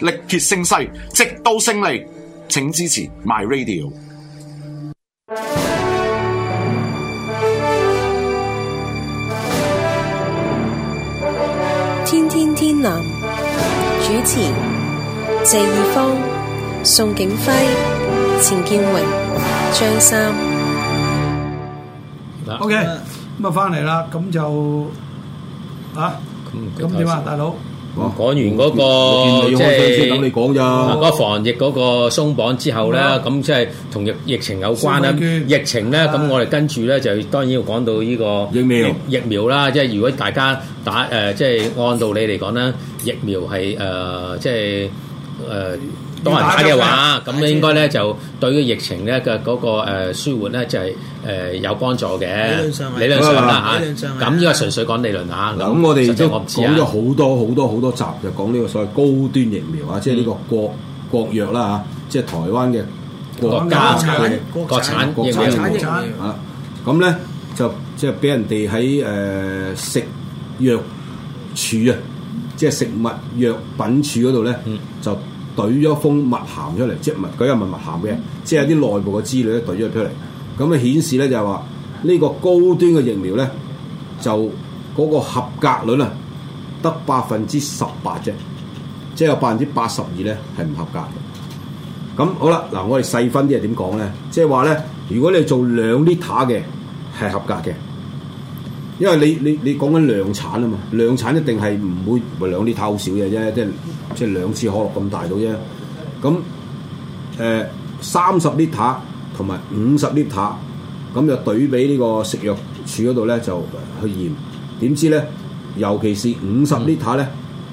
力竭勝勢，直到勝利。請支持 My Radio。天天天藍主持：謝義方、宋景輝、錢建榮、張三。OK，咁啊翻嚟啦，咁就啊，咁點啊，大佬？講完嗰個即係嗰個防疫嗰個鬆綁之後咧，咁即係同疫疫情有關啦。疫情咧，咁我哋跟住咧就當然要講到呢個疫苗疫苗啦。即係如果大家打誒，即係按道理嚟講咧，疫苗係誒即係誒。多人打嘅話，咁咧應該咧就對於疫情咧嘅嗰個誒舒緩咧就係誒有幫助嘅。理論上係，理論上啦嚇。咁依個純粹講理論嚇。咁我哋都講咗好多好多好多集，就講呢個所謂高端疫苗啊，即係呢個國國藥啦嚇，即係台灣嘅國產嘅國產國產疫苗啊。咁咧就即係俾人哋喺誒食藥處啊，即係食物藥品處嗰度咧就。懟咗封密函出嚟，即係密，佢又係密函嘅，即係啲內部嘅資料咧懟咗出嚟，咁啊顯示咧就係話呢個高端嘅疫苗咧，就嗰個合格率啊得百分之十八啫，即係有百分之八十二咧係唔合格嘅。咁好啦，嗱我哋細分啲係點講咧？即係話咧，如果你做兩 litre 嘅係合格嘅。因為你你你講緊量產啊嘛，量產一定係唔會咪兩 L 好少嘅啫，即係即係兩次可樂咁大到啫。咁誒三十 L 同埋五十 L，咁、呃、就對比呢個食藥署嗰度咧就去驗。點知咧，尤其是五十 L 咧，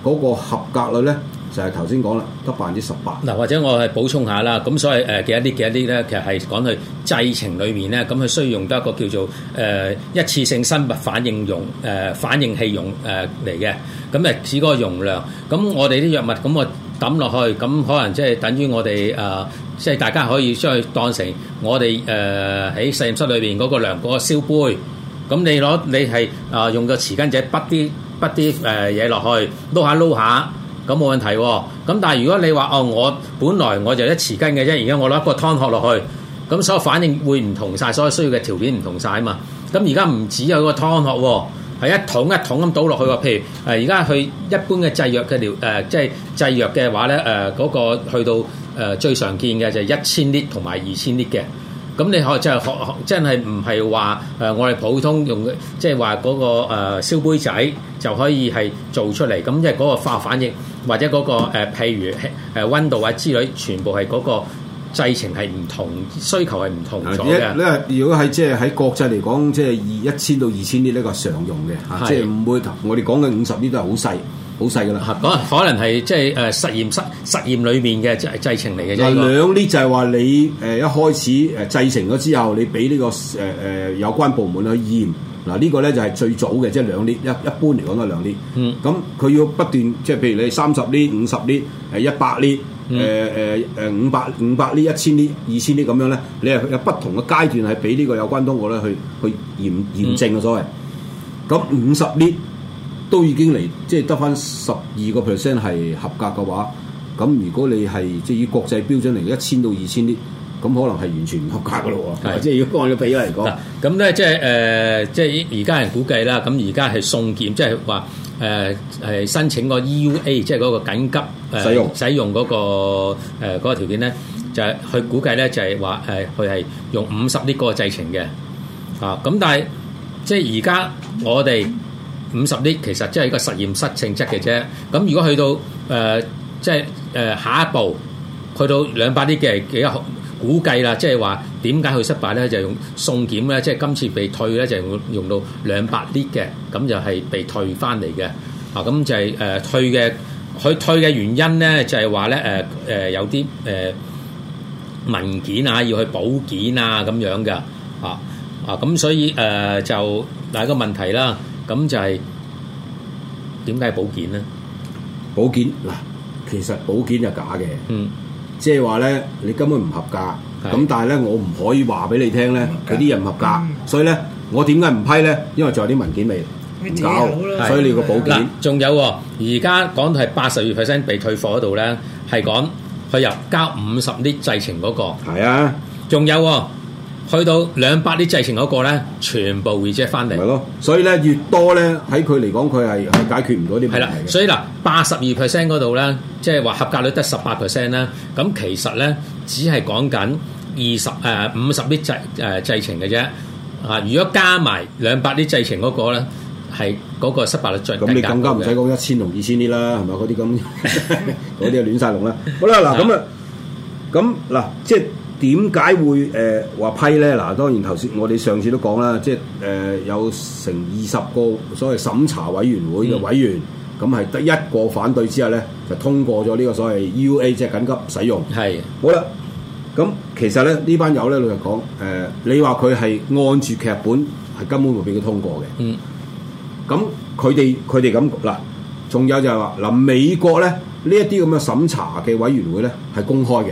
嗰、嗯、個合格率咧。就係頭先講啦，得百分之十八。嗱，或者我係補充下啦。咁所謂誒嘅一啲嘅一啲咧，其實係講佢製程裏面咧，咁佢需要用到一個叫做誒、呃、一次性生物反應容誒、呃、反應器用誒嚟嘅。咁誒指嗰個容量。咁我哋啲藥物咁我抌落去，咁可能即係等於我哋誒，即、呃、係大家可以將佢當成我哋誒喺實驗室裏邊嗰個量嗰、嗰個燒杯。咁你攞你係啊、呃、用個匙羹仔，潷啲潷啲誒嘢落去，撈下撈下。咁冇問題喎，咁但係如果你話哦，我本來我就一匙羹嘅啫，而家我攞一個湯殼落去，咁所以反應會唔同晒，所以需要嘅條件唔同晒啊嘛。咁而家唔止有個湯殼喎，係一桶一桶咁倒落去喎。譬如誒，而家去一般嘅製藥嘅療誒、呃，即係製藥嘅話咧誒，嗰、呃嗰個去到誒、呃、最常見嘅就係一千 L 同埋二千 L 嘅。咁你可就係、是、學學，真係唔係話誒，我哋普通用即係話嗰個誒、呃、燒杯仔就可以係做出嚟。咁即係嗰個化學反應或者嗰、那個、呃、譬如誒溫度啊之類，全部係嗰個製程係唔同，需求係唔同咗嘅。你如果係即係喺國際嚟講，即係二一千到二千呢？呢個常用嘅嚇，的即係唔會我哋講嘅五十呢都係好細。好細噶啦，嗱、啊，可能係即係誒實驗室實驗裏面嘅即製製程嚟嘅啫。兩呢就係話你誒、呃、一開始誒製程咗之後，你俾呢、這個誒誒、呃呃、有關部門去驗。嗱、呃，這個、呢個咧就係、是、最早嘅，即係兩呢一一般嚟講都係兩呢。嗯。咁佢要不斷，即係譬如你三十呢、五十呢、係一百呢、誒誒誒五百五百呢、一千呢、二千呢咁樣咧，你係有不同嘅階段係俾呢個有關當局咧去去驗驗證嘅所謂。咁五十呢？都已經嚟，即係得翻十二個 percent 係合格嘅話，咁如果你係即係以國際標準嚟，一千到二千啲，咁可能係完全唔合格噶咯喎。係，即係要果按咗比例嚟講，咁咧即係誒，即係而家人估計啦。咁而家係送檢，即係話誒誒申請個 EUA，即係嗰個緊急、呃、使用使用嗰、嗰個誒嗰、呃嗰個、條件咧，就係去估計咧，就係話誒佢係用五十呢個製程嘅啊。咁但係即係而家我哋。五十啲其實即係一個實驗室性質嘅啫。咁如果去到誒即係誒下一步去到兩百啲嘅幾好估計啦。即係話點解佢失敗咧？就係、用送檢咧，即、就、係、是、今次被退咧，就是、用，用到兩百啲嘅，咁就係被退翻嚟嘅。啊，咁就係、是、誒、呃、退嘅佢退嘅原因咧，就係話咧誒誒有啲誒、呃、文件啊，要去補件啊咁樣嘅。啊啊咁所以誒、呃、就第一個問題啦。咁就係點解保件咧？保件嗱，其實保件係假嘅，嗯，即係話咧，你根本唔合格，咁的但係咧，我唔可以話俾你聽咧，佢啲人唔合格，嗯、所以咧，我點解唔批咧？因為仲有啲文件未搞，所以你要個保件。仲有、啊，而家講係八十二 percent 被退貨嗰度咧，係講佢入交五十啲製程嗰、那個，係的啊，仲有。去到兩百啲製程嗰個咧，全部 reject 翻嚟。係咯，所以咧，越多咧喺佢嚟講，佢係係解決唔到啲問題嘅。所以嗱，八十二 percent 嗰度咧，即係話合格率得十八 percent 啦。咁其實咧，只係講緊二十誒五十啲製誒製程嘅啫。啊，如果加埋兩百啲製程嗰個咧，係嗰個失敗率最增加。咁你更加唔使講一千同二千啲啦，係咪？嗰啲咁嗰啲就亂曬龍啦。好啦，嗱咁啊，咁嗱的即係。即即點解會誒話、呃、批咧？嗱，當然頭先我哋上次都講啦，即係誒、呃、有成二十個所謂審查委員會嘅委員，咁係得一個反對之後咧，就通過咗呢個所謂 EUA 即係緊急使用。係的好啦，咁其實咧呢班友咧，佢哋講誒，你話佢係按住劇本，係根本會俾佢通過嘅。嗯，咁佢哋佢哋咁嗱，仲有就係話嗱，美國咧呢一啲咁嘅審查嘅委員會咧係公開嘅。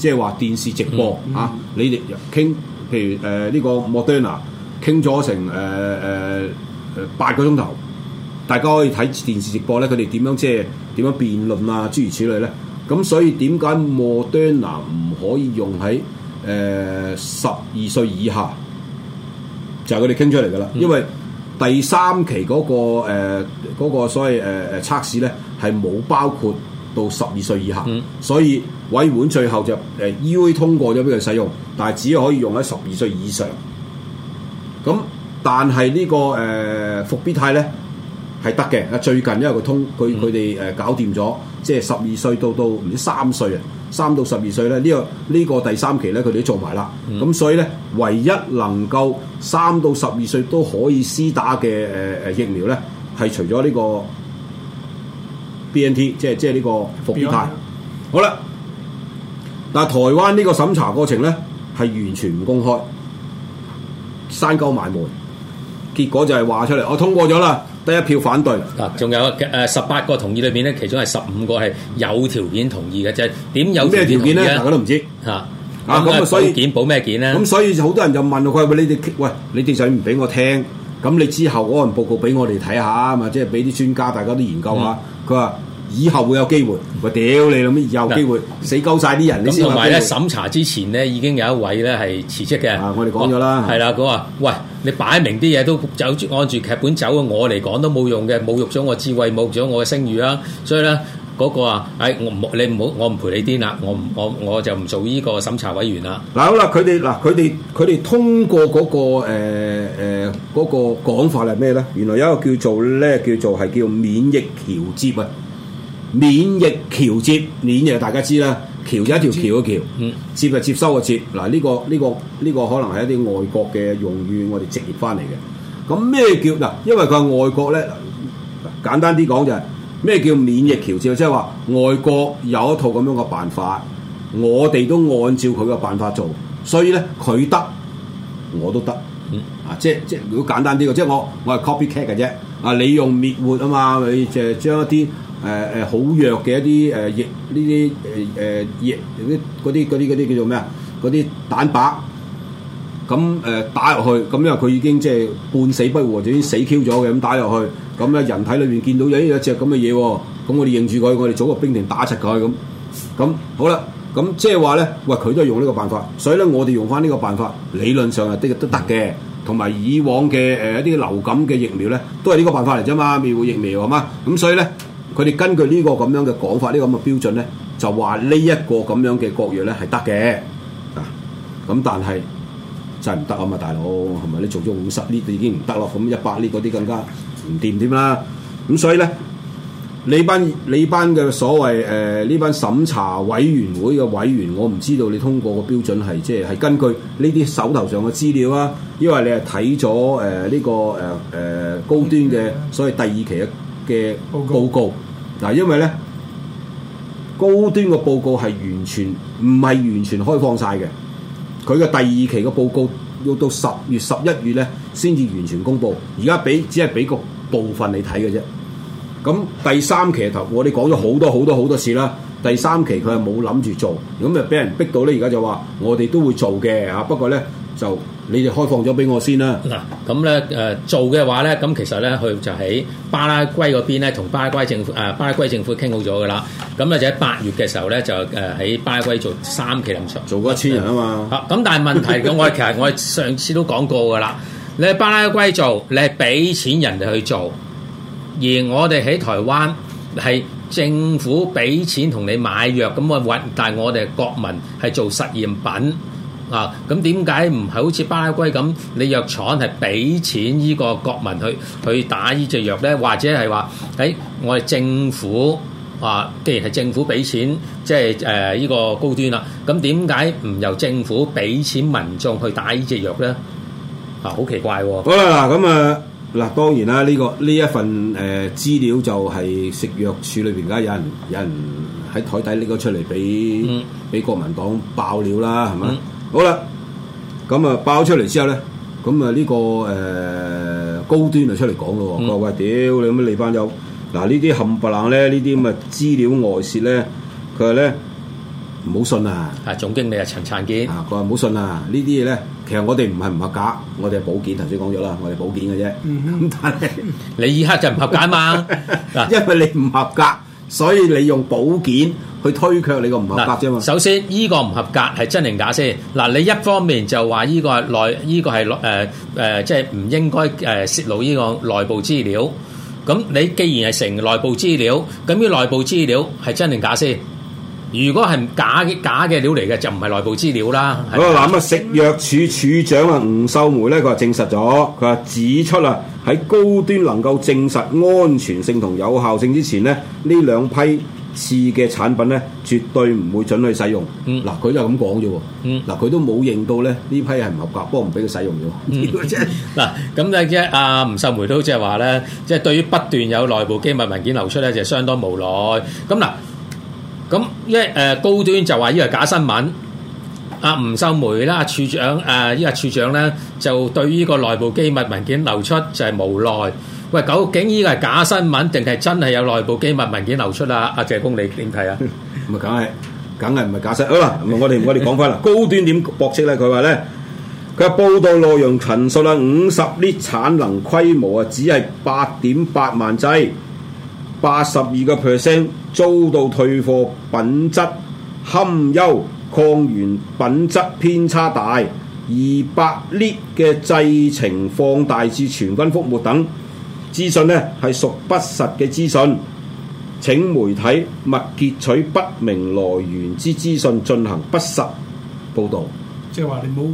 即係話電視直播、嗯嗯、啊！你哋傾，譬如誒呢、呃呢個 Moderna 傾咗成誒誒、呃呃、八個鐘頭，大家可以睇電視直播咧，佢哋點樣即係點樣辯論啊？諸如此類咧。咁所以點解 Moderna 唔可以用喺誒十二歲以下？就係佢哋傾出嚟噶啦，嗯、因為第三期嗰、嗰個誒嗰、呃嗰個所謂誒誒測試咧係冇包括。到十二歲以下，嗯、所以委員會最後就誒、呃、EU 通過咗俾佢使用，但係只可以用喺十二歲以上。咁但係呢、呢個誒復、呃、必泰咧係得嘅，最近因為佢通，佢佢哋誒搞掂咗，即係十二歲到到唔知三歲啊，三到十二歲咧呢、呢個呢、呢個第三期咧佢哋都做埋啦。咁、嗯、所以咧，唯一能夠三到十二歲都可以施打嘅誒誒疫苗咧，係除咗呢、呢個。B N T 即係即係呢個復必泰，B NT? 好啦。但台灣呢個審查過程咧，係完全唔公開，閂埋門。結果就係話出嚟，我通過咗啦，得一票反對。啊，仲有誒十八個同意裏面咧，其中係十五個係有條件同意嘅就啫。點有咩條件咧、啊？大家都唔知。吓啊咁啊所以，所以補咩件？補咩件咧？咁所以好多人就問佢：話你哋喂，你點解唔俾我聽？咁你之後嗰份報告俾我哋睇下啊嘛，即係俾啲專家大家都研究下。嗯佢話：以後會有機會。我屌你老咩？以後有機會那死鳩晒啲人。咁同埋咧審查之前咧，已經有一位咧係辭職嘅。啊，我哋講咗啦。係啦我，佢話：喂，你擺明啲嘢都走住按住劇本走啊！我嚟講都冇用嘅，侮辱咗我智慧，侮辱咗我嘅聲譽啊！所以咧。嗰、那個啊，誒、哎，我唔，你唔好，我唔陪你癲啦，我唔，我我就唔做呢個審查委員啦。嗱，好啦，佢哋，嗱，佢哋，佢哋通過嗰、那個誒誒嗰講法係咩咧？原來有一個叫做咧，叫做係叫免疫橋接。啊！免疫橋接，免疫大家知啦，橋就一條橋嘅橋，嗯，接就接收嘅、就、接、是。嗱，呢、這個呢、這個呢、這個可能係一啲外國嘅用語，我哋直譯翻嚟嘅。咁咩叫嗱？因為佢係外國咧，簡單啲講就係、是。咩叫免疫調節？即係話外國有一套咁樣嘅辦法，我哋都按照佢嘅辦法做，所以咧佢得我都得，嗯、啊即即如果簡單啲嘅，即係我我係 copycat 嘅啫。啊，你用滅活啊嘛，你就將一啲誒誒好弱嘅一啲誒疫呢啲誒誒疫嗰啲啲啲叫做咩啊？嗰啲蛋白咁誒、呃、打入去，咁因為佢已經即係半死不活就已經死 q 咗嘅，咁打入去。咁咧，人體裏面見到有一隻咁嘅嘢，咁我哋認住佢，我哋組個兵團打實佢咁。咁好啦，咁即係話咧，喂，佢都係用呢個辦法，所以咧，我哋用翻呢個辦法，理論上係的都得嘅，同埋以往嘅誒一啲流感嘅疫苗咧，都係呢個辦法嚟啫嘛，免疫疫苗係嘛？咁所以咧，佢哋根據呢個咁樣嘅講法，呢個咁嘅標準咧，就話呢一個咁樣嘅國藥咧係得嘅啊。咁但係真係唔得啊嘛，大佬係咪？你做咗五十呢，已經唔得咯，咁一百呢嗰啲更加。唔掂添啦，咁所以咧，你班你班嘅所謂誒呢班審查委員會嘅委員，我唔知道你通過嘅標準係即係係根據呢啲手頭上嘅資料啊，因為你係睇咗誒呢個誒誒、呃、高端嘅所謂第二期嘅報告，嗱告因為咧高端嘅報告係完全唔係完全開放晒嘅，佢嘅第二期嘅報告要到十月十一月咧先至完全公布，而家俾只係俾個。部分你睇嘅啫，咁第三期嘅頭，我哋講咗好多好多好多次啦。第三期佢係冇諗住做，咁就俾人逼到咧。而家就話我哋都會做嘅嚇，不過咧就你哋開放咗俾我先啦。嗱、嗯，咁咧誒做嘅話咧，咁其實咧佢就喺巴拉圭嗰邊咧，同巴拉圭政府誒巴拉圭政府傾好咗㗎啦。咁、嗯、咧就喺八月嘅時候咧，就誒喺巴拉圭做三期臨床，做過一千人啊嘛。啊、嗯，咁、嗯嗯、但係問題嘅我 其實我哋上次都講過㗎啦。你喺巴拉圭做，你係俾錢人哋去做，而我哋喺台灣係政府俾錢同你買藥咁啊，但係我哋國民係做實驗品啊。咁點解唔係好似巴拉圭咁，你藥廠係俾錢呢個國民去去打呢隻藥咧？或者係話喺我哋政府啊，既然係政府俾錢，即係誒呢個高端啦，咁點解唔由政府俾錢民眾去打呢隻藥咧？啊，好奇怪、哦！好啦，嗱咁啊，嗱當然啦，呢、這個呢一份誒資、呃、料就係食藥署裏邊而家有人有人喺台底拎咗出嚟俾，俾、嗯、國民黨爆料啦，係咪？嗯、好啦，咁啊爆出嚟之後咧，咁啊呢個誒、呃、高端就出嚟講咯，佢話、嗯：喂、啊，屌你咁樣你班友嗱呢啲冚唪唥咧，呃、呢啲咁嘅資料外泄咧，佢話咧。唔好信啊！啊，總經理係陳綽健啊，佢話唔好信啊！呢啲嘢咧，其實我哋唔係唔合格，我哋係保件，頭先講咗啦，我哋保件嘅啫。咁但係你而家就唔合格嘛，因為你唔合格，所以你用保件去推卻你個唔合格啫嘛。首先，呢個唔合格係真定假先？嗱，你一方面就話呢個係內呢個係誒誒，即係唔應該誒泄露呢個內部資料。咁你既然係成內部資料，咁呢內部資料係真定假先？如果係假嘅，假嘅料嚟嘅，就唔係內部資料啦。嗱咁啊，食藥署署長啊吳秀梅咧，佢話證實咗，佢話指出啊，喺高端能夠證實安全性同有效性之前咧，呢兩批次嘅產品咧，絕對唔會准去使用。嗯，嗱佢就咁講啫。嗯，嗱佢都冇認到咧，呢批係唔合格，不過唔俾佢使用啫。嗱咁即係阿吳秀梅都即係話咧，即係對於不斷有內部機密文件流出咧，就相當無奈。咁嗱。咁一誒高端就話依個係假新聞，阿吳秀梅啦、處長誒依個處長咧，就對依個內部機密文件流出就係無奈。喂，究竟依個係假新聞定係真係有內部機密文件流出啊？阿謝公，你點睇啊？唔係梗係，梗係唔係假新聞？好啦，唔係我哋我哋講翻啦。高端點駁斥咧？佢話咧，佢報道內容陳述啦，五十呢產能規模啊，只係八點八萬劑。八十二個 percent 遭到退貨，品質堪憂，礦源品質偏差大，二百 lift 嘅製程放大至全軍覆沒等資訊呢係屬不實嘅資訊，請媒體勿截取不明來源之資訊進行不實報導。即係話你冇。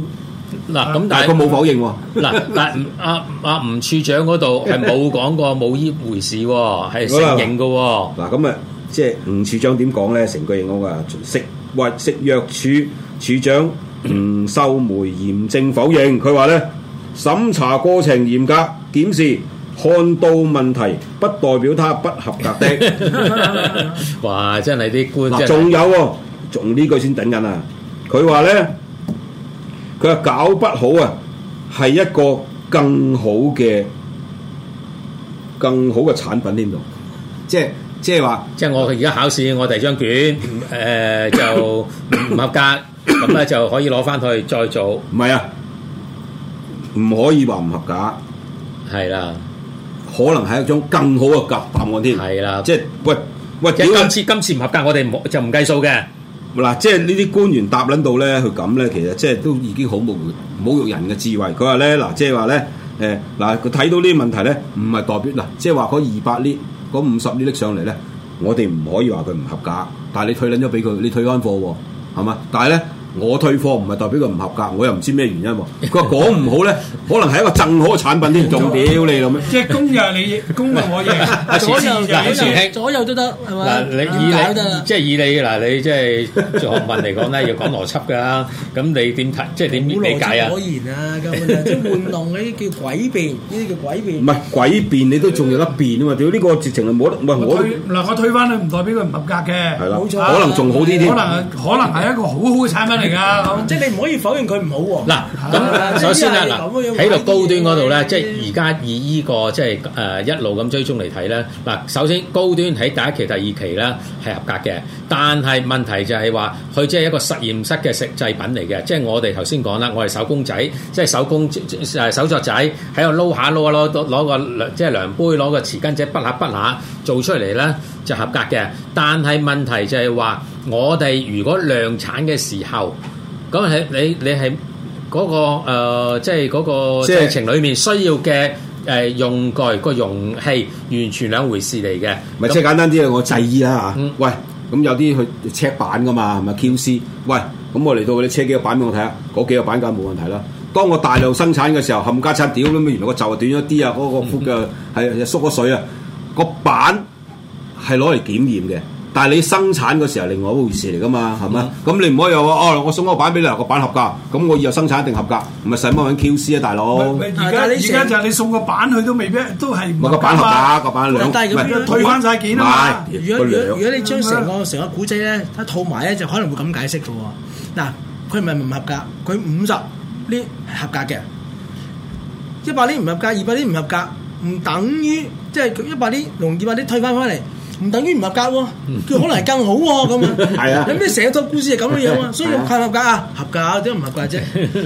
嗱咁，但係佢冇否認喎。嗱，但阿阿吳署長嗰度係冇講過冇呢回事，係承認嘅。嗱咁啊，即係吳署長點講咧？成個認我嘅食藥食藥署署長吳秀梅嚴正否認，佢話咧，審查過程嚴格，檢視看到問題不代表他不合格的。哇！真係啲官，仲有啊，仲呢句先頂緊啊！佢話咧。佢話搞不好啊，係一個更好嘅、更好嘅產品添喎。即即係話，即係我而家考試，我第二張卷、 呃、就唔合格，咁咧 就可以攞翻去再做。唔係啊，唔可以話唔合格。係啦，可能係一種更好嘅答案添。係啦，即係喂，喂，如果今次今次唔合格，我哋就唔計數嘅。嗱，即係呢啲官員答撚到咧，佢咁咧，其實即係都已經好侮辱、侮辱人嘅智慧。佢話咧，嗱，即係話咧，誒、呃，嗱，佢睇到呢啲問題咧，唔係代表嗱，即係話嗰二百 l 嗰五十 l i 上嚟咧，我哋唔可以話佢唔合格，但係你退撚咗俾佢，你退翻貨喎、啊，係嘛？但係咧。我退貨唔係代表佢唔合格，我又唔知咩原因喎。佢話講唔好咧，可能係一個正好嘅產品添。仲屌你老咩？即係攻入你攻入我入，左右左右左右都得係嘛？嗱，以你即係以你嗱，你即係學問嚟講咧，要講邏輯㗎。咁你點睇？即係點？冇邏輯可言啊！咁即係玩弄呢啲叫詭辯，呢啲叫詭辯。唔係詭辯，你都仲有得辯啊！屌呢個直情係冇得唔係我推嗱，我退返去唔代表佢唔合格嘅，係啦，冇錯，可能仲好啲添，可能可能係一個好好嘅產品。嚟噶，嗯、即係你唔可以否認佢唔好喎、啊。嗱、啊，咁、啊、首先是啊，嗱，喺度高端嗰度咧，即係而家以依、這個即係誒一路咁追蹤嚟睇咧。嗱，首先高端喺第一期、第二期咧係合格嘅，但係問題就係話佢只係一個實驗室嘅食製品嚟嘅，即、就、係、是、我哋頭先講啦，我係手工仔，即係手工誒手作仔喺度撈下撈下攞攞個即係量杯攞個匙羹仔筆下筆下，下，下做出嚟咧就合格嘅，但係問題就係話。我哋如果量產嘅時候，咁係你你係嗰、那個、呃、即係嗰個製程裏面需要嘅誒、呃、用具、那個容器，完全兩回事嚟嘅。咪即係簡單啲那我製衣啦吓，嗯、喂，咁有啲去車板噶嘛，係咪 QC 喂，咁我嚟到嗰啲車機看看幾個板俾我睇下，嗰幾個板梗係冇問題啦。當我大量生產嘅時候，冚家鏟，屌咁原來個袖啊短咗啲啊，嗰、那個褲嘅係縮咗水啊，個板係攞嚟檢驗嘅。但係你生產嘅時候，另外一回事嚟噶嘛，係咪？咁你唔可以又話，哦，我送個板俾你，個板合格，咁我以後生產一定合格，唔係使乜揾 QC 啊，大佬。而家而家就係你送個板佢都未必，都係。個板合格，個板兩。退翻曬件啦。如果如果你將成個成個古仔咧，睇套埋咧，就可能會咁解釋嘅喎。嗱，佢唔係唔合格，佢五十呢合格嘅，一百呢唔合格，二百呢唔合格，唔等於即係一百呢同二百呢退翻翻嚟。唔等於唔合格喎，佢可能更好喎咁啊！有咩成套故事係咁嘅嘢啊？所以唔係合格啊，合格啊，點樣唔合格啫？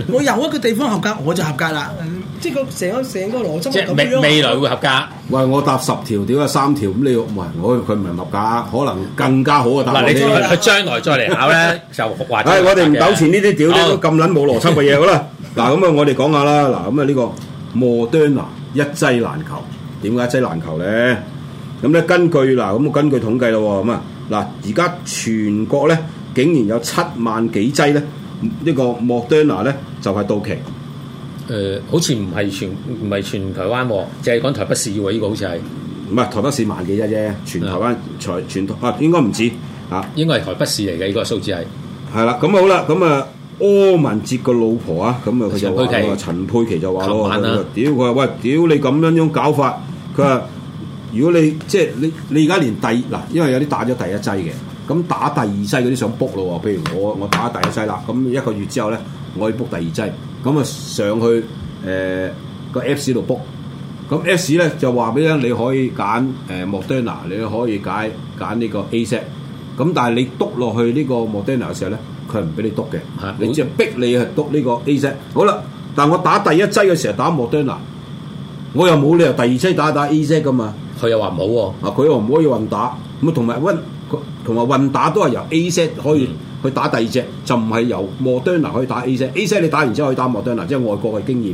我有一個地方合格，我就合格啦，即係個成個成個邏輯係咁樣。即係未來會合格。喂，我答十條，點解三條咁？你喂，我佢唔係合格，可能更加好啊！嗱，你再將來再嚟考咧，就話。係我哋唔糾纏呢啲屌，呢啲咁撚冇邏輯嘅嘢好啦。嗱，咁啊，我哋講下啦。嗱，咁啊，呢個莫德納一劑難求，點解一劑難求咧？咁咧，根據嗱，咁啊，根據統計咯，咁啊，嗱，而家全國咧，竟然有七萬幾劑咧，呢、這個莫端娜咧就係到期。誒、呃，好似唔係全唔係全台灣，即係講台北市喎，依、這個好似係唔係台北市萬幾咋啫？全台灣才是的 全台啊，應該唔止啊，應該係台北市嚟嘅呢個數字係。係啦，咁好啦，咁啊，柯文哲個老婆啊，咁啊，佢就話陳佩琪就話攞屌佢話喂，屌晚、啊、你咁樣樣搞法，佢話。 如果你即係你你而家連第嗱，因為有啲打咗第一劑嘅，咁打第二劑嗰啲想 book 咯喎，譬如我我打第一劑啦，咁一個月之後咧，我要 book 第二劑，咁啊上去誒個 Apps 度 book，咁 Apps 咧就話俾你聽，你可以揀誒莫德納，你可以揀揀呢個 AZ，咁但係你督落去呢個莫德納嘅時候咧，佢係唔俾你督嘅，你只係逼你去督呢個 AZ，好啦，但係我打第一劑嘅時候打莫德納，我又冇理由第二劑打打 AZ 噶嘛。佢又話冇喎，啊佢又話唔可以混打，咁同埋混，同埋混打都係由 AZ 可以去打第二隻，嗯、就唔係由 Moderna 可以打 AZ，AZ 你打完之後可以打 Moderna，即係外國嘅經驗。誒、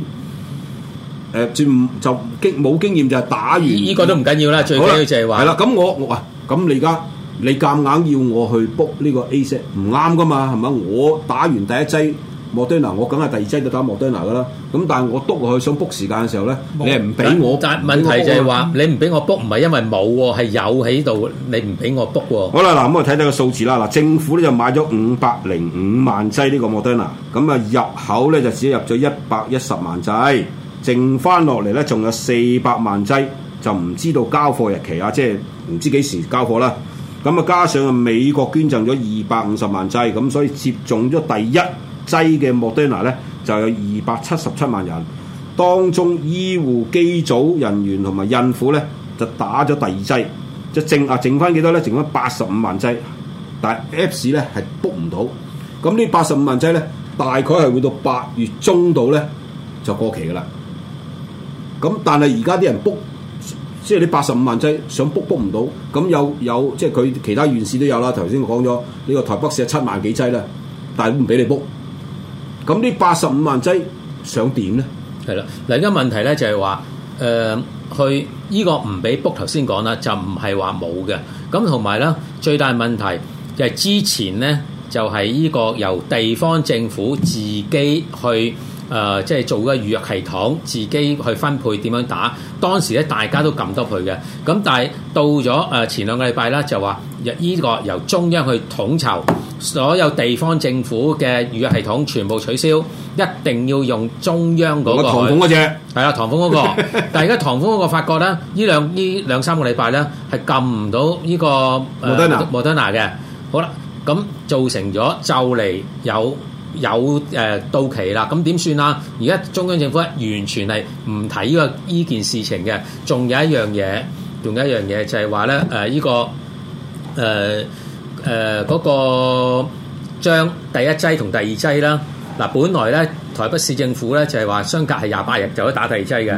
呃，就冇經驗就係、打完。呢個都唔緊要啦，最緊要就係話。係啦，咁我我啊，咁你而家你夾硬要我去 book 呢個 AZ 唔啱噶嘛，係咪？我打完第一劑。莫德納，erna, 我梗係第二劑都打莫德納噶啦。咁但係我篤落去想 book 時間嘅時候咧，你係唔俾我、啊。但問題就係話你唔俾我 book，唔係因為冇喎，係有喺度，你唔俾我 book 喎。好啦，嗱咁我睇睇個數字啦。嗱，政府咧就買咗五百零五萬劑呢個莫德納，咁啊入口咧就只入咗一百一十萬劑，剩翻落嚟咧仲有四百萬劑，就唔知道交貨日期啊，即係唔知幾時交貨啦。咁啊加上美國捐贈咗二百五十萬劑，咁所以接種咗第一。劑嘅莫德納咧，就有二百七十七萬人，當中醫護機組人員同埋孕婦咧就打咗第二劑，即係剩啊剩翻幾多咧？剩翻八十五萬劑，但係 Apps 咧係 book 唔到，咁呢八十五萬劑咧，大概係會到八月中度咧就過期噶啦。咁但係而家啲人 book，即係呢八十五萬劑想 book book 唔到，咁有有即係佢其他縣市都有啦。頭先我講咗呢個台北市有七萬幾劑啦，但係都唔俾你 book。咁呢八十五萬劑想點呢？係啦，嗱而家問題呢就係話，誒、呃，去依個唔俾 book 頭先講啦，就唔係話冇嘅。咁同埋呢，最大問題就係之前呢，就係、是、呢個由地方政府自己去誒，即、呃、係、就是、做個預約系統，自己去分配點樣打。當時呢，大家都撳得佢嘅，咁但係到咗誒前兩個禮拜咧就話呢個由中央去統籌。所有地方政府嘅預約系統全部取消，一定要用中央嗰個。唐鳳嗰隻係啦，唐鳳嗰個，但係而家唐鳳嗰個發覺咧，呢兩呢兩三個禮拜咧係撳唔到呢個莫德納莫德納嘅。好啦，咁造成咗就嚟有有誒到期啦，咁點算啊？而家中央政府完全係唔睇呢個呢件事情嘅。仲有一樣嘢，仲有一樣嘢就係話咧誒呢個誒。誒嗰、呃那個將第一劑同第二劑啦，嗱、啊，本來咧台北市政府咧就係、是、話相隔係廿八日就可以打第二劑嘅，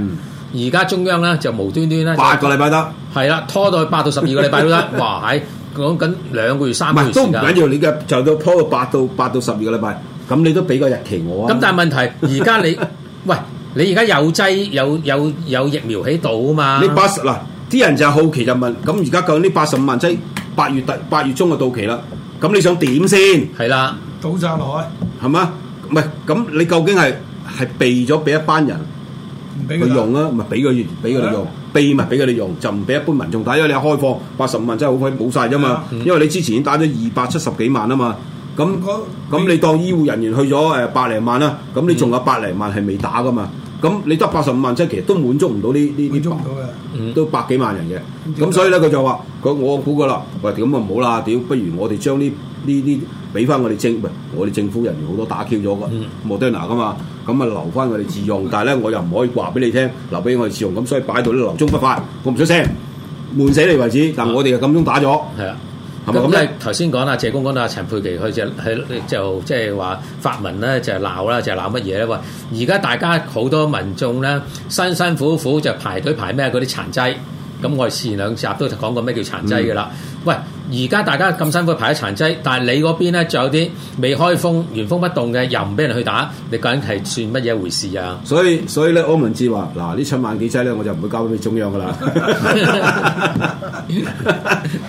而家、嗯、中央咧就無端端咧八個禮拜得，係啦，拖到去八到十二個禮拜都得， 哇！喺講緊兩個月三個月都唔緊要你嘅就到拖到八到八到十二個禮拜，咁你都俾個日期我啊。咁但係問題，而家你 喂你而家有劑有有有，有疫苗喺度啊嘛？呢八十嗱，啲人就好奇就問，咁而家究竟呢八十五萬劑。八月底八月中就到期啦，咁你想點先？係啦的，倒晒落去，係嘛？唔係，咁你究竟係係備咗俾一班人佢用啊？唔係俾佢俾佢哋用，備咪俾佢哋用，就唔俾一般民眾打。因為你開放八十五萬真係好鬼冇晒啫嘛，因為你之前打咗二百七十幾萬啊嘛，咁咁你當醫護人員去咗誒百零萬啦，咁你仲有百零萬係未打噶的嘛？的咁你得八十五萬劑其實都滿足唔到呢呢呢，滿足唔到嘅，都百幾萬人嘅。咁所以咧，佢就話，佢我估噶啦，喂，咁啊唔好啦，屌，不如我哋將呢呢呢俾翻我哋政，唔、呃、我哋政府人員好多打 Q 咗嘅，莫德納噶嘛，咁啊留翻我哋自用。但係咧，我又唔可以話俾你聽，留俾我哋自用。咁所以擺到啲留中不發，我唔出聲，悶死你為止。但係我哋就咁張打咗。係啊、嗯。咁啊！頭先講啊，謝公講阿陳佩琪佢就係就即係話發文咧，就係鬧啦，就係鬧乜嘢咧？喂！而家大家好多民眾咧，辛辛苦苦就排隊排咩嗰啲殘劑。咁我哋前兩集都講過咩叫殘劑嘅啦。嗯、喂！而家大家咁辛苦排咗殘劑，但係你嗰邊咧就有啲未開封、原封不動嘅，又唔俾人去打，你究竟係算乜嘢回事啊？所以所以咧，柯文哲話：嗱，呢七萬幾劑咧，我就唔會交俾中央噶啦。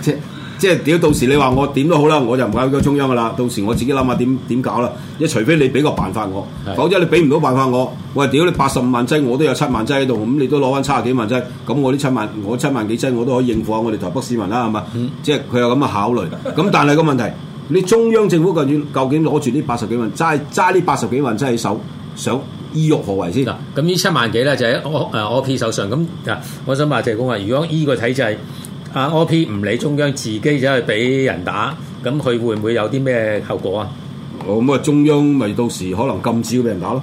即係。即係屌，到時你話我點都好啦，我就唔解去交中央噶啦。到時我自己諗下點點搞啦。一除非你俾個辦法我，是的 否則你俾唔到辦法我。我屌你八十五萬劑，我都有七萬劑喺度，咁你都攞翻七十幾萬劑。咁我呢七萬，我七萬幾劑，我都可以應付下我哋台北市民啦，係嘛？嗯、即係佢有咁嘅考慮。咁 但係個問題，你中央政府究竟究竟攞住呢八十幾萬劑，揸呢八十幾萬劑喺手上，想意欲何為先？嗱、嗯，咁呢七萬幾咧就喺我誒我，我 P 手上。咁嗱，我想問謝公話，如果依個體制？啊！OP 唔理中央，自己走去俾人打，咁佢會唔會有啲咩後果啊？哦，咁啊，中央咪到時可能禁止俾人打咯。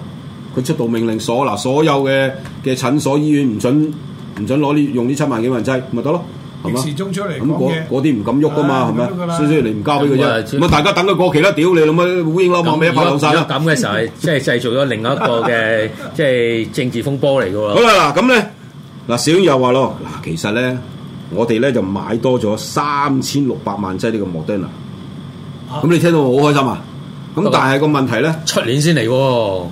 佢出道命令，所嗱所有嘅嘅診所、醫院唔準唔準攞呢用呢七萬幾萬劑，咪得咯，係嘛？時鐘出嚟講嘢，嗰啲唔敢喐噶嘛，係咪？所以你唔交俾佢啫。咁啊，大家等佢過期啦！屌你老母烏蠅撈，冇尾一拍兩散啦！咁嘅時候係即係製造咗另一個嘅即係政治風波嚟噶喎。好啦，嗱咁咧，嗱小英又話咯，嗱其實咧。我哋咧就買多咗三千六百萬劑呢個莫德納，咁你聽到好開心啊？咁但係個問題咧，出年先嚟。喎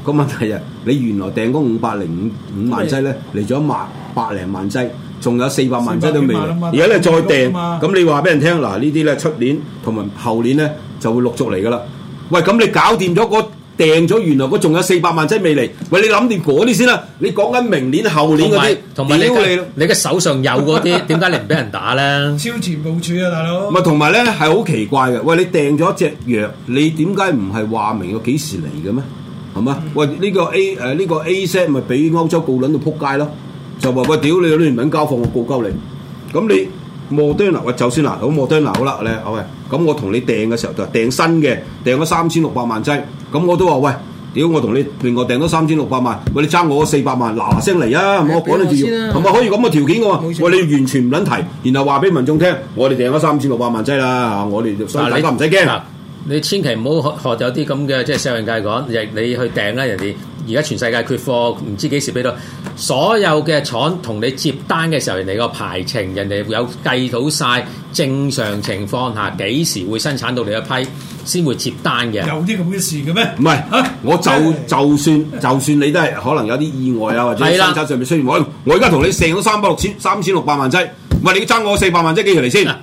個問題啊，你原來訂嗰五百零五五萬劑咧，嚟咗一萬百零萬劑，仲有四百萬劑都未嚟，而家咧再訂。咁、嗯、你話俾人聽，嗱呢啲咧出年同埋後年咧就會陸續嚟噶啦。喂，咁你搞掂咗、嗰個？掟咗，原來我仲有四百萬劑未嚟。喂，你諗掂嗰啲先啦。你講緊明年、後年嗰啲，同埋，同埋你，你嘅手上有嗰啲，點解 你唔俾人打咧？超前部署啊，大佬！咪同埋咧係好奇怪嘅。喂，你掟咗隻藥，你點解唔係話明有幾時嚟嘅咩？係嘛？喂，呢個 A 誒呢個 AZ 咪俾歐洲布輪到扑街咯，就話喂，屌你，你唔肯交貨我告鳩你。咁你？無端嗱，喂，就算嗱，好無端嗱，好啦，你，好嘅，咁我同你訂嘅時候就係訂新嘅，訂咗三千六百萬劑，咁我都話喂，屌我同你另外訂咗三千六百萬，喂你爭我四百萬，嗱嗱聲嚟啊，唔好我講得住先，同埋可以咁嘅條件嘅喎，喂你完全唔撚提，然後話俾民眾聽，我哋訂咗三千六百萬劑啦，嚇我哋所以大家唔使驚。你千祈唔好學學有啲咁嘅即係小人界講，亦你去訂啦，人哋。而家全世界缺貨，唔知幾時俾到。所有嘅廠同你接單嘅時候，人哋個排程，人哋會有計到晒。正常情況下幾時會生產到你一批，先會接單嘅。有啲咁嘅事嘅咩？唔係是，嚇、啊！我就就算就算你都係可能有啲意外啊，或者生產上面出現的我，我而家同你剩咗三百六千三千六百萬劑，唔係你爭我四百萬劑幾時嚟先嗱？啊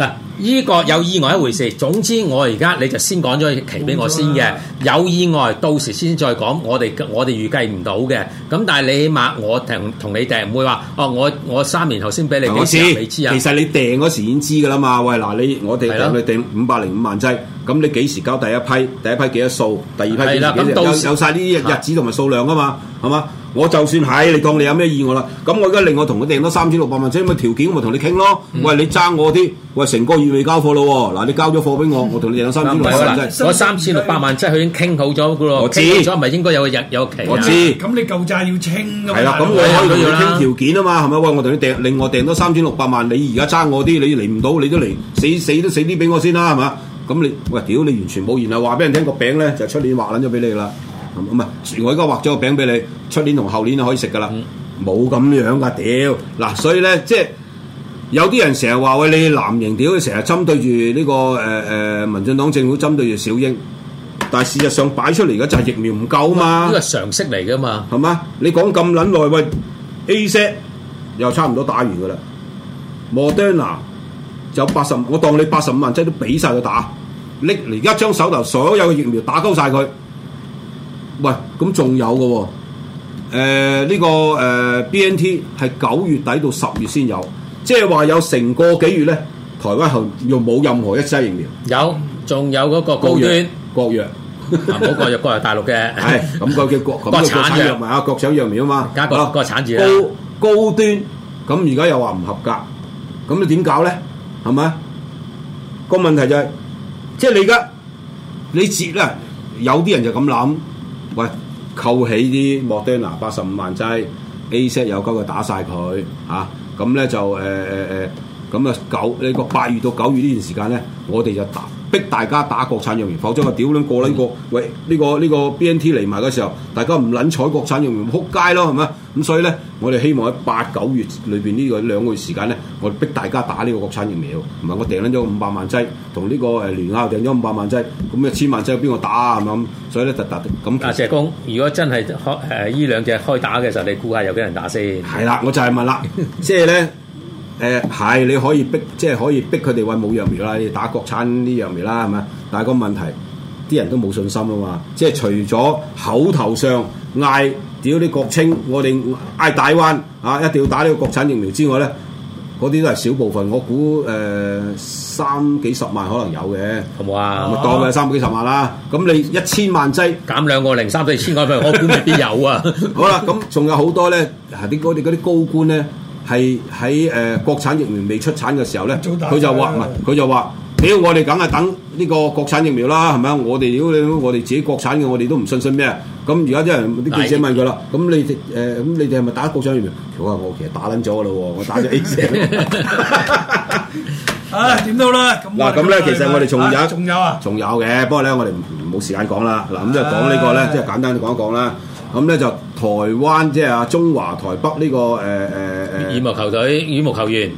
啊呢個有意外一回事，總之我而家你就先講咗期俾我先嘅，有意外到時先再講。我哋我哋預計唔到嘅，咁但係你起碼我訂同你訂唔會話，哦，我我三年後先俾你幾時你知啊？其實你訂嗰時已經知噶啦嘛。喂，嗱你我哋等佢訂五百零五萬劑，咁你幾時交第一批？第一批幾多數？第二批幾多數？係啦，咁到時有晒呢啲日子同埋數量啊嘛，係嘛？我就算係，你當你有咩意外啦，咁我而家另外同佢訂多三千六百萬，即係咁嘅條件，我同你傾咯。喂，你爭我啲，喂，成個月未交貨咯喎，嗱，你交咗貨俾我，我同你訂三千六三千六百萬，即係佢已經傾好咗嘅咯。我知，所以咪應該有個日有期。我知。咁你舊債要清。係啦，咁我可以同佢傾條件啊嘛，係咪？喂，我同你訂，另外訂多三千六百萬，你而家爭我啲，你嚟唔到，你都嚟死死都死啲俾我先啦，係嘛？咁你喂，屌你完全冇言，話話俾人聽個餅咧就出年畫撚咗俾你啦。唔唔係，我而家畫咗個餅俾你，出年同後年就可以食噶啦，冇咁、嗯、樣噶，屌！嗱、啊，所以咧，即係有啲人成日話喂，你藍營屌，成日針對住呢、這個誒誒、呃，民進黨政府針對住小英，但係事實上擺出嚟嘅就係疫苗唔夠嘛，呢個常識嚟噶嘛，係嘛？你講咁捻耐喂，AZ 又差唔多打完噶啦，Moderna 就八十，我當你八十五萬劑都俾晒佢打，拎而家將手頭所有嘅疫苗打鳩晒佢。喂，咁仲有嘅喎，誒呢個誒 B N T 係九月底到十月先有，即係話有成個幾月咧，台灣行又冇任何一劑疫苗。有，仲有嗰個高端國藥，唔好國藥，國藥大陸嘅。係咁，個叫國國產藥物啊，國產藥苗啊嘛。啊，個產字啦。高高端咁而家又話唔合格，咁你點搞咧？係咪？個問題就係，即係你而家你接啦，有啲人就咁諗。喂，扣起啲莫德納八十五萬劑 A set 有鳩嘅打晒佢嚇，咁、啊、咧就誒誒誒，咁、呃、啊九呢個八月到九月呢段時間咧，我哋就打。逼大家打國產疫苗，否則我屌撚過呢個，嗯、喂呢、呢個呢、呢個 B N T 嚟埋嘅時候，大家唔撚採國產疫苗，撲街咯，係咪？咁所以咧，我哋希望喺八九月裏邊呢個兩個月時間咧，我哋逼大家打呢個國產疫苗。唔係我訂咗五百萬劑，同呢個誒聯亞訂咗五百萬劑，咁一千萬劑邊個打啊？係咪咁？所以咧，特特咁。阿、啊、石公，如果真係開誒呢兩隻開打嘅時候，你估下有幾人打先？係啦，我就係問啦，即係咧。誒係、呃，你可以逼，即、就、係、是、可以逼佢哋揾冇藥苗啦，你打國產呢樣苗啦，係咪？但係個問題，啲人都冇信心啊嘛。即係除咗口頭上嗌屌啲國青，我哋嗌大灣啊，一定要打呢個國產疫苗之外咧，嗰啲都係少部分。我估誒、呃、三幾十萬可能有嘅，好冇啊？咪多三幾十萬啦。咁你一千萬劑減兩個零三四千個 p 我估未必有啊。 好啦，咁仲有好多咧，啲我哋嗰啲高官咧、啊。 係喺誒國產疫苗未出產嘅時候咧，佢就話唔係佢就話，屌、e, 我哋梗係等呢個國產疫苗啦，係咪啊？我哋如果我哋自己國產嘅，我哋都唔信信咩？咁而家啲人啲記者問佢啦，咁你誒咁、呃、你哋係咪打國產疫苗？佢話、欸、我其實打撚咗嘅咯喎， 我打咗 AZ。唉、 啊，點都好啦。嗱咁咧，其實我哋仲有仲、啊、有啊，仲有嘅。不過咧，我哋冇時間講啦。嗱，咁就講呢喇喇、呢個咧，即係簡單講一講啦。喇喇咁咧就台灣即係啊，中華台北呢、呢個誒誒羽毛球隊羽毛球員，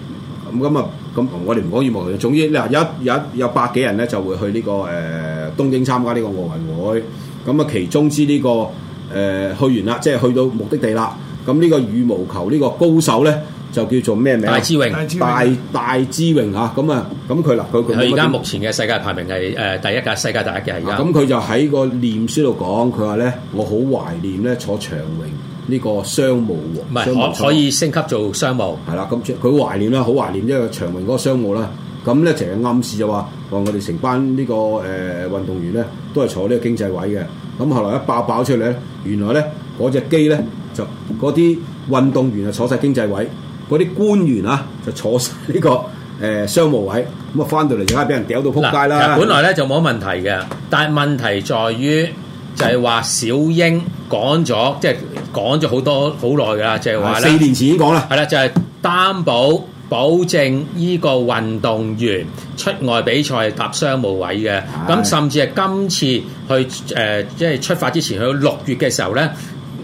咁咁啊咁，我哋唔講羽毛球員。總之啦，有一有一百幾人咧就會去呢、呢個誒、呃、東京參加呢個奧運會，咁、嗯、啊其中之呢、呢個誒、呃、去完啦，即係去到目的地啦，咁、嗯、呢、這個羽毛球呢個高手咧。就叫做咩名大大？戴資穎，戴戴資穎吓，咁啊，咁佢啦，佢佢而家目前嘅世界排名係誒第一嘅，世界第一嘅而家。咁佢、啊、就喺個臉書度講，佢話咧，我好懷念咧坐長榮呢個商務，唔係是務可以可以升級做商務。係啦、啊，咁佢懷念啦，好懷念因為長榮嗰個商務啦。咁咧成日暗示就話，話我哋成班呢、這個誒運、呃、動員咧都係坐呢個經濟位嘅。咁後來一爆爆出嚟咧，原來咧嗰隻機咧就嗰啲運動員啊坐晒經濟位。嗰啲官員啊，就坐呢、這個誒、呃、商務位，咁啊翻到嚟而家俾人屌到撲街啦！嗱，本來咧就冇乜問題嘅，但係問題在於就係話小英講咗，即係講咗好多好耐㗎啦，就係、是、話、就是、四年前已經講啦，係啦，就係、是、擔保保證依個運動員出外比賽搭商務位嘅，咁的甚至係今次去誒，即、呃、係、就是、出發之前去到六月嘅時候咧。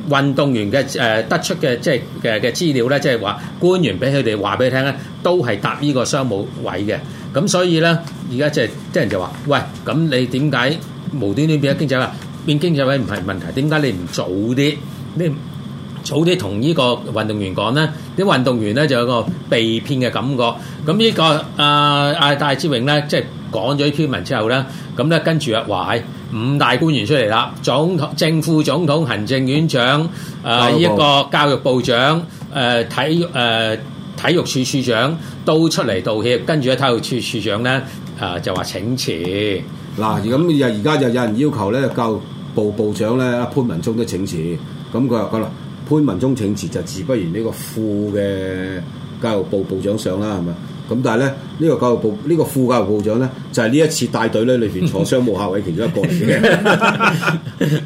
運動員嘅誒得出嘅即係嘅嘅資料咧，即係話官員俾佢哋話俾佢聽咧，都係搭呢個商務位嘅。咁所以咧，而家即係啲人就話：，喂，咁你點解無端端變咗經濟位？變經濟位唔係問題，點解你唔早啲，你早啲同呢個運動員講咧？啲運動員咧就有個被騙嘅感覺。咁呢個啊啊戴志榮咧，即係講咗啲篇文之後咧，咁咧跟住啊話喺。五大官員出嚟啦，總統、正副總統、行政院長，誒、呃、呢個教育部長，誒體誒體育處處、呃、長都出嚟道歉，跟住咧體育處處長咧誒就話請辭。嗱，咁而而家就有人要求咧，教育部部長咧潘文忠都請辭，咁佢話：，咁啦，潘文忠請辭就自不如呢個副嘅教育部部長上啦，係咪？咁但係咧，呢、這個教育部呢、這個副教育部長咧，就係、是、呢一次帶隊咧裏邊坐商務客位其中一個嚟嘅。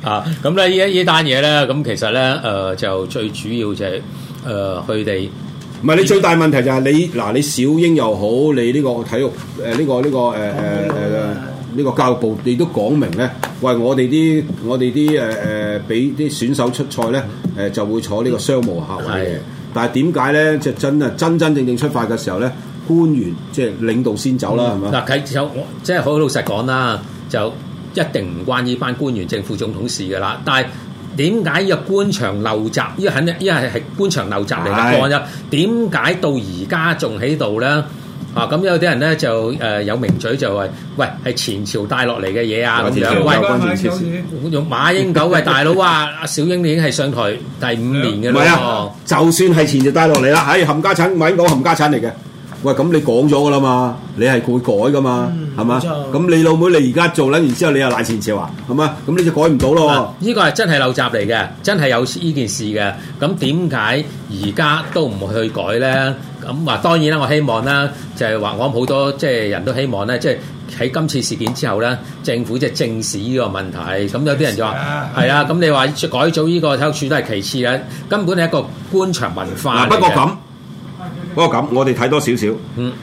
啊，咁咧呢一呢單嘢咧，咁其實咧，誒、呃、就最主要就係誒佢哋唔係你最大問題就係你嗱，你小英又好，你呢個體育誒呢、呃這個呢、這個誒誒誒呢個教育部，你都講明咧，喂我哋啲我哋啲誒誒，俾、呃、啲選手出賽咧，誒、呃、就會坐呢個商務客位嘅。嗯、但係點解咧？就真係，真真正正出發嘅時候咧？官員即係領導先走啦，係嘛？嗱，佢就即係好老實講啦，就一定唔關呢班官員、政府、總統事嘅啦。但係點解要官場陋習？呢個肯定呢個係官場陋習嚟嘅案啦。點解到而家仲喺度咧？啊，咁有啲人咧就誒有名嘴就係喂係前朝帶落嚟嘅嘢啊咁樣。喂，馬英九，喂大佬啊，阿小英已經係上台第五年嘅啦。就算係前朝帶落嚟啦，係冚家產，馬英九冚家產嚟嘅。喂，咁你講咗㗎啦嘛，你係會改㗎嘛，係嘛？咁你老妹，你而家做喇，然之後，你又賴前朝啊？係咪？咁你就改唔到咯。呢、啊呢個係真係陋習嚟嘅，真係有呢件事嘅。咁點解而家都唔去改咧？咁話當然啦，我希望啦，就係、是、話我好多即係人都希望咧，即係喺今次事件之後咧，政府即係正視呢個問題。咁有啲人就話係啊，咁、 嗯、你話改咗呢個體育處都係其次嘅，根本係一個官場文化、啊。不過咁。不過咁，我哋睇多少少。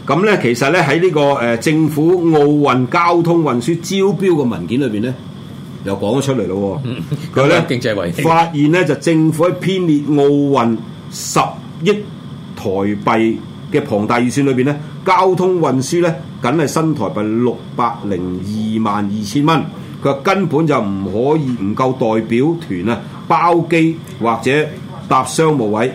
咁咧，其實咧喺呢、這個誒、呃、政府奧運交通運輸招標嘅文件裏邊咧，又講咗出嚟咯、哦。佢咧發現咧就政府喺編列奧運十億台幣嘅龐大預算裏邊咧，交通運輸咧僅係新台幣六百零二萬二千蚊。佢話根本就唔可以，唔夠代表團啊包機或者搭商務位。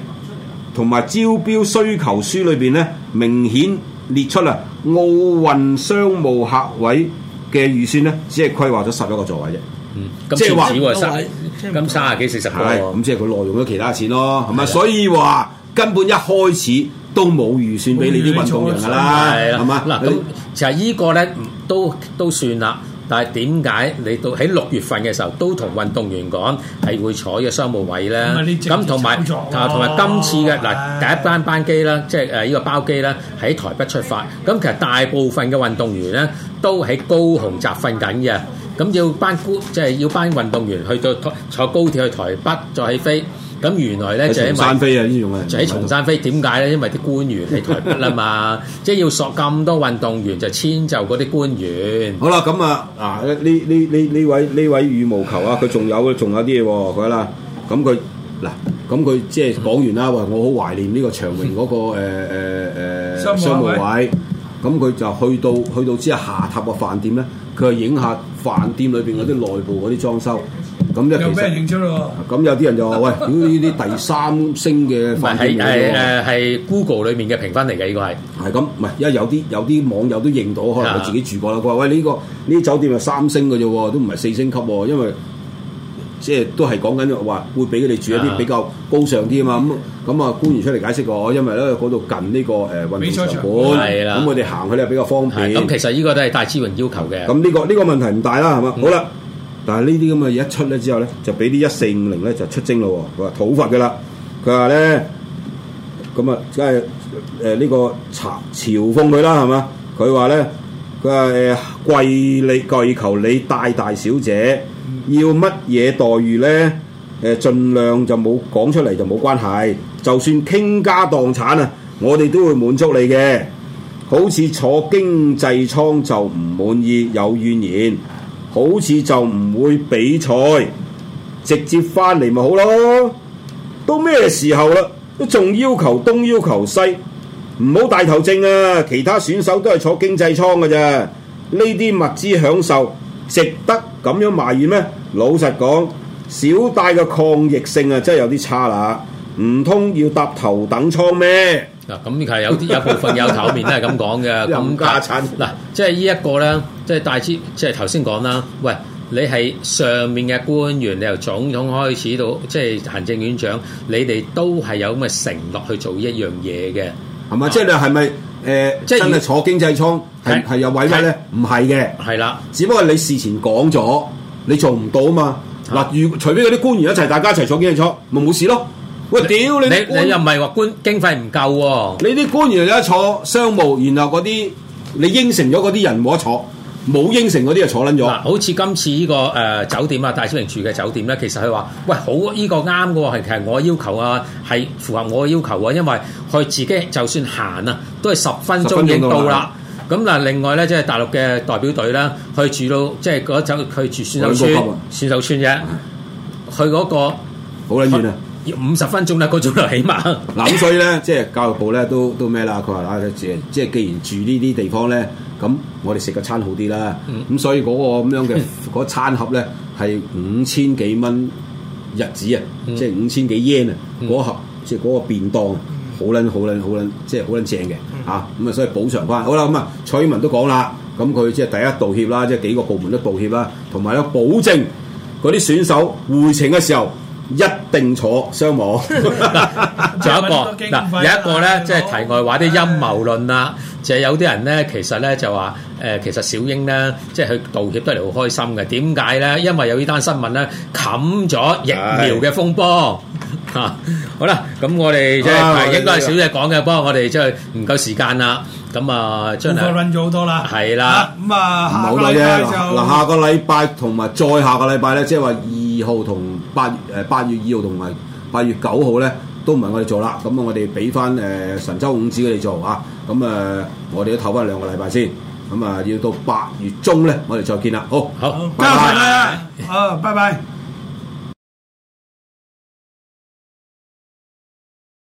同埋招標需求書裏邊咧，明顯列出啦奧運商務客位嘅預算咧，只係規劃咗十一個座位啫。嗯，即係話咁三啊幾四十個，咁即係佢挪用咗其他錢咯，係咪？所以話根本一開始都冇預算俾你啲運動員噶啦，係咪？嗱，咁其實依個咧都都算啦。但係點解你到喺六月份嘅時候都同運動員講係會坐嘅商務位咧？咁同埋啊，同埋今次嘅嗱第一班班機啦，即係誒呢個包機啦，喺台北出發。咁其實大部分嘅運動員咧都喺高雄集訓緊嘅，咁要班顧即係要班運動員去到坐高鐵去台北再起飛。咁原來咧就喺松山飛啊！呢種啊，就喺松山飛。點解咧？因為啲官員喺台北啦嘛，即係要塞咁多運動員就遷就嗰啲官員。好啦，咁啊，嗱呢呢呢呢位呢位羽毛球啊，佢仲有仲有啲嘢喎。佢啦，咁佢嗱，咁佢即係講完啦。話我好懷念呢個長榮嗰個誒誒商務位。咁佢就去到去到之後下榻嘅飯店咧，佢影下飯店裏邊嗰啲內部嗰啲裝修。咁有咩認出咯？咁有啲人就話喂，如果呢啲第三星嘅飯店，係係誒係 Google 裡面嘅評分嚟嘅，應該係係咁，唔係，因為有啲有啲網友都認到，可能佢自己住過啦。佢話喂，呢個呢啲酒店係三星嘅啫，都唔係四星級，因為即係都係講緊話會俾佢哋住一啲比較高尚啲啊嘛。咁咁啊，官員出嚟解釋過，因為咧嗰度近呢個誒運動場館，係啦，咁佢哋行去咧比較方便。咁其實呢個都係大資本要求嘅。咁呢個呢個問題唔大啦，係嘛？好啦。但係呢啲咁嘅嘢一出咧之後咧，就俾啲一四五零咧就出征咯。佢話討伐嘅啦，佢話咧，咁啊、就是，即係誒呢個嘲嘲諷佢啦，係嘛？佢話咧，佢係跪你跪求你大大小姐，要乜嘢待遇咧？誒、呃，儘量就冇講出嚟就冇關係，就算傾家蕩產啊，我哋都會滿足你嘅。好似坐經濟艙就唔滿意有怨言。好似就唔會比賽，直接翻嚟咪好咯。都咩時候啦？都仲要求東要求西，唔好大頭症啊！其他選手都係坐經濟艙嘅啫，呢啲物資享受值得咁樣埋怨咩？老實講，小戴嘅抗逆性啊，真係有啲差啦，唔通要搭頭等艙咩？嗱，咁其實有啲有部分有頭面都係咁講嘅，咁家產嗱，即係呢一個咧，即係大致，即係頭先講啦。喂，你係上面嘅官員，你由總統開始到即係行政院長，你哋都係有咁嘅承諾去做一樣嘢嘅，係嘛、嗯？即係你係咪誒，呃、即係是果真係坐經濟艙係係有位咩咧？唔係嘅，係啦。只不過你事前講咗，你做唔到啊嘛。嗱、嗯，如除非嗰啲官員一齊，大家一齊坐經濟艙，咪冇事咯。喂，屌你！你，你又唔係話官經費唔夠喎、啊？你啲官員又有得坐商務，然後嗰啲你應承咗嗰啲人冇得坐，冇應承嗰啲就坐撚咗。嗱，好似今次呢、這個誒、呃、酒店啊，戴小明住嘅酒店咧，其實佢話：喂，好呢、這個啱嘅喎，其實我要求啊，係符合我要求啊，因為佢自己就算行啊，都係十分鐘已經到啦。咁嗱，另外咧，即、就、係、是、大陸嘅代表隊咧，去住到即係嗰酒，去、就是、住選手村，選手村啫，去嗰個好撚遠啊！村村要五十分鐘啦，嗰鐘又起碼。嗱 、啊，咁所以咧，即係教育部咧都都咩啦？佢話啊，即係既然住呢啲地方咧，咁我哋食個餐好啲啦。咁、嗯嗯、所以嗰個咁樣嘅 餐盒咧係五千幾蚊日子啊，嗯、即係五千幾煙啊，嗰、嗯、盒即係嗰個便當，好捻好捻好捻，即係好捻正嘅吓。咁啊，所以補償翻好啦。咁、嗯、啊、嗯嗯嗯嗯，蔡英文都講啦，咁佢即係第一道歉啦，即係幾個部門都道歉啦，同埋有保證嗰啲選手回程嘅時候。一定坐商務，仲有一個嗱，有一個咧，即係題外話啲陰謀論啦，就係有啲人咧，其實咧就話，誒，其實小英咧，即係佢道歉都係嚟好開心嘅。點解咧？因為有呢單新聞咧，冚咗疫苗嘅風波。吓，好啦，咁我哋即係係應該係小謝講嘅，不過我哋即係唔夠時間啦。咁啊，將來搵咗好多啦，係啦。咁啊，唔好啦啫嗱，下個禮拜同埋再下個禮拜咧，即係話二號同。八月誒、呃、八月二號同埋八月九號咧，都唔係我哋做啦，咁啊，我哋俾翻誒神州五指佢哋做啊，咁、啊、誒我哋都唞翻兩個禮拜先，咁啊，啊要到八月中咧，我哋再見啦，好，好，加油大家，好，拜拜。